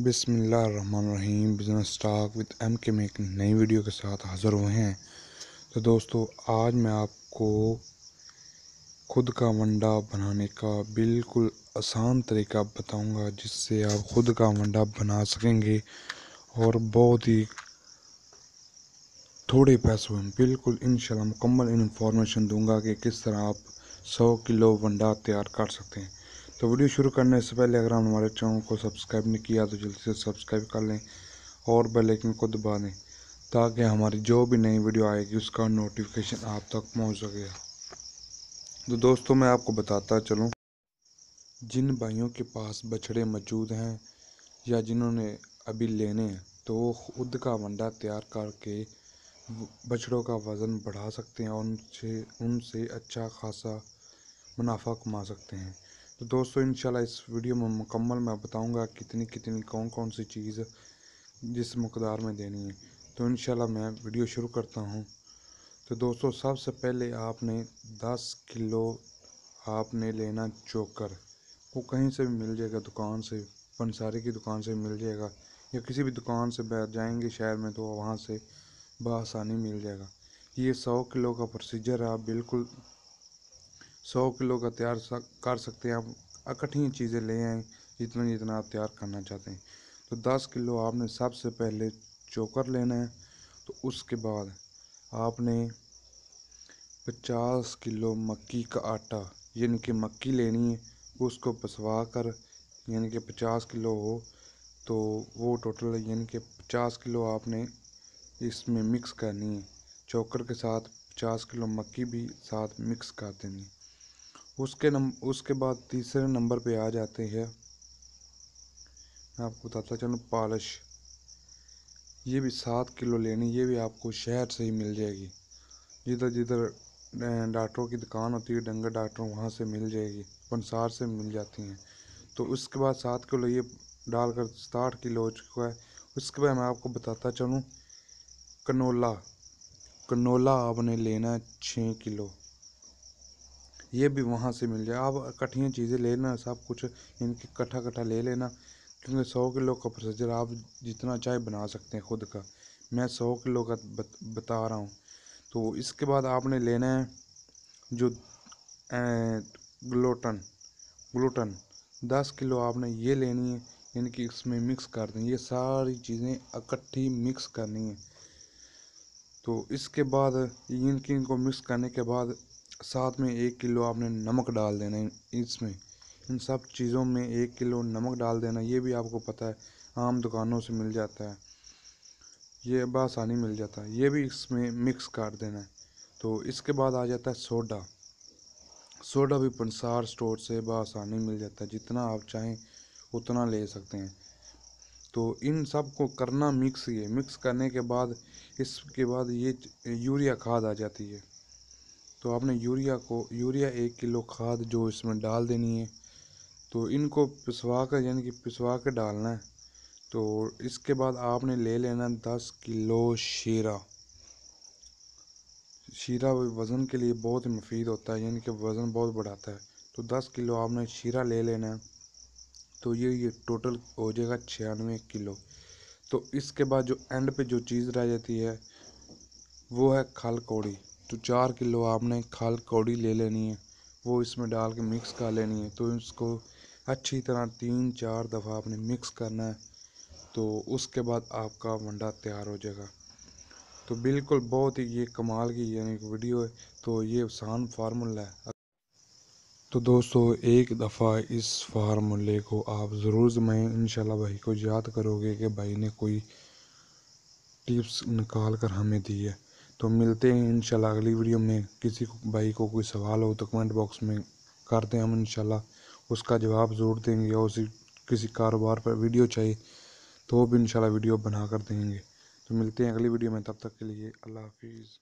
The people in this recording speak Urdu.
بسم اللہ الرحمن الرحیم بزنس اسٹاک وتھ ایم کے میں ایک نئی ویڈیو کے ساتھ حاضر ہوئے ہیں تو دوستو آج میں آپ کو خود کا ونڈا بنانے کا بالکل آسان طریقہ بتاؤں گا جس سے آپ خود کا ونڈا بنا سکیں گے اور بہت ہی تھوڑے پیسوں ہوئے بالکل انشاءاللہ مکمل انفارمیشن دوں گا کہ کس طرح آپ سو کلو ونڈا تیار کر سکتے ہیں تو ویڈیو شروع کرنے سے پہلے اگر ہم ہمارے چینل کو سبسکرائب نہیں کیا تو جلدی سے سبسکرائب کر لیں اور بیل آئکن کو دبا دیں تاکہ ہماری جو بھی نئی ویڈیو آئے گی اس کا نوٹیفکیشن آپ تک پہنچ سکے تو دوستوں میں آپ کو بتاتا چلوں جن بھائیوں کے پاس بچھڑے موجود ہیں یا جنہوں نے ابھی لینے ہیں تو وہ خود کا انڈا تیار کر کے بچھڑوں کا وزن بڑھا سکتے ہیں اور ان سے ان سے اچھا خاصا منافع کما سکتے ہیں تو دوستوں انشاءاللہ اس ویڈیو میں مکمل میں بتاؤں گا کتنی کتنی کون کون سی چیز جس مقدار میں دینی ہے تو انشاءاللہ میں ویڈیو شروع کرتا ہوں تو دوستو سب سے پہلے آپ نے دس کلو آپ نے لینا چوکر وہ کہیں سے بھی مل جائے گا دکان سے پنساری کی دکان سے مل جائے گا یا کسی بھی دکان سے جائیں گے شہر میں تو وہاں سے بآسانی مل جائے گا یہ سو کلو کا پروسیجر ہے آپ بالکل سو کلو کا تیار کر سکتے ہیں آپ اکٹھی چیزیں لے آئیں جتنا جتنا آپ تیار کرنا چاہتے ہیں تو دس کلو آپ نے سب سے پہلے چوکر لینا ہے تو اس کے بعد آپ نے پچاس کلو مکی کا آٹا یعنی کہ مکی لینی ہے اس کو پسوا کر یعنی کہ پچاس کلو ہو تو وہ ٹوٹل یعنی کہ پچاس کلو آپ نے اس میں مکس کرنی ہے چوکر کے ساتھ پچاس کلو مکی بھی ساتھ مکس کر دینی ہے اس کے نم اس کے بعد تیسرے نمبر پہ آ جاتے ہیں میں آپ کو بتاتا چلوں پالش یہ بھی سات کلو لینی یہ بھی آپ کو شہر سے ہی مل جائے گی جدھر جدھر ڈاکٹروں کی دکان ہوتی ہے ڈنگر ڈاکٹروں وہاں سے مل جائے گی پنسار سے مل جاتی ہیں تو اس کے بعد سات کلو یہ ڈال کر ساٹھ کلو ہو چکا ہے اس کے بعد میں آپ کو بتاتا چلوں کنولا کنولا آپ نے لینا ہے چھ کلو یہ بھی وہاں سے مل جائے آپ اکٹھیا چیزیں لینا سب کچھ ان کی کٹھا کٹھا لے لینا کیونکہ سو کلو کا پروسیجر آپ جتنا چاہے بنا سکتے ہیں خود کا میں سو کلو کا بتا رہا ہوں تو اس کے بعد آپ نے لینا ہے جو گلوٹن گلوٹن دس کلو آپ نے یہ لینی ہے ان کی اس میں مکس کر دیں یہ ساری چیزیں اکٹھی مکس کرنی ہے تو اس کے بعد ان کی ان کو مکس کرنے کے بعد ساتھ میں ایک کلو آپ نے نمک ڈال دینا اس میں ان سب چیزوں میں ایک کلو نمک ڈال دینا یہ بھی آپ کو پتہ ہے عام دکانوں سے مل جاتا ہے یہ بہ آسانی مل جاتا ہے یہ بھی اس میں مکس کر دینا ہے تو اس کے بعد آ جاتا ہے سوڈا سوڈا بھی پنسار اسٹور سے بآسانی مل جاتا ہے جتنا آپ چاہیں اتنا لے سکتے ہیں تو ان سب کو کرنا مکس یہ مکس کرنے کے بعد اس کے بعد یہ یوریا کھاد آ جاتی ہے تو آپ نے یوریا کو یوریا ایک کلو کھاد جو اس میں ڈال دینی ہے تو ان کو پسوا کر یعنی کہ پسوا کے ڈالنا ہے تو اس کے بعد آپ نے لے لینا دس کلو شیرہ شیرہ وزن کے لیے بہت مفید ہوتا ہے یعنی کہ وزن بہت بڑھاتا ہے تو دس کلو آپ نے شیرہ لے لینا ہے تو یہ یہ ٹوٹل ہو جائے گا چھیانوے کلو تو اس کے بعد جو اینڈ پہ جو چیز رہ جاتی ہے وہ ہے کھل کوڑی تو چار کلو آپ نے کھال کوڑی لے لینی ہے وہ اس میں ڈال کے مکس کر لینی ہے تو اس کو اچھی طرح تین چار دفعہ آپ نے مکس کرنا ہے تو اس کے بعد آپ کا ونڈا تیار ہو جائے گا تو بالکل بہت ہی یہ کمال کی یعنی ایک ویڈیو ہے تو یہ آسان فارمولہ ہے تو دوستو ایک دفعہ اس فارمولے کو آپ ضرور میں انشاءاللہ بھائی کو یاد کرو گے کہ بھائی نے کوئی ٹپس نکال کر ہمیں دی ہے تو ملتے ہیں انشاءاللہ اگلی ویڈیو میں کسی بھائی کو کوئی سوال ہو تو کمنٹ باکس میں کرتے ہیں ہم انشاءاللہ اس کا جواب ضرور دیں گے یا اسی کسی کاروبار پر ویڈیو چاہیے تو وہ بھی انشاءاللہ ویڈیو بنا کر دیں گے تو ملتے ہیں اگلی ویڈیو میں تب تک کے لیے اللہ حافظ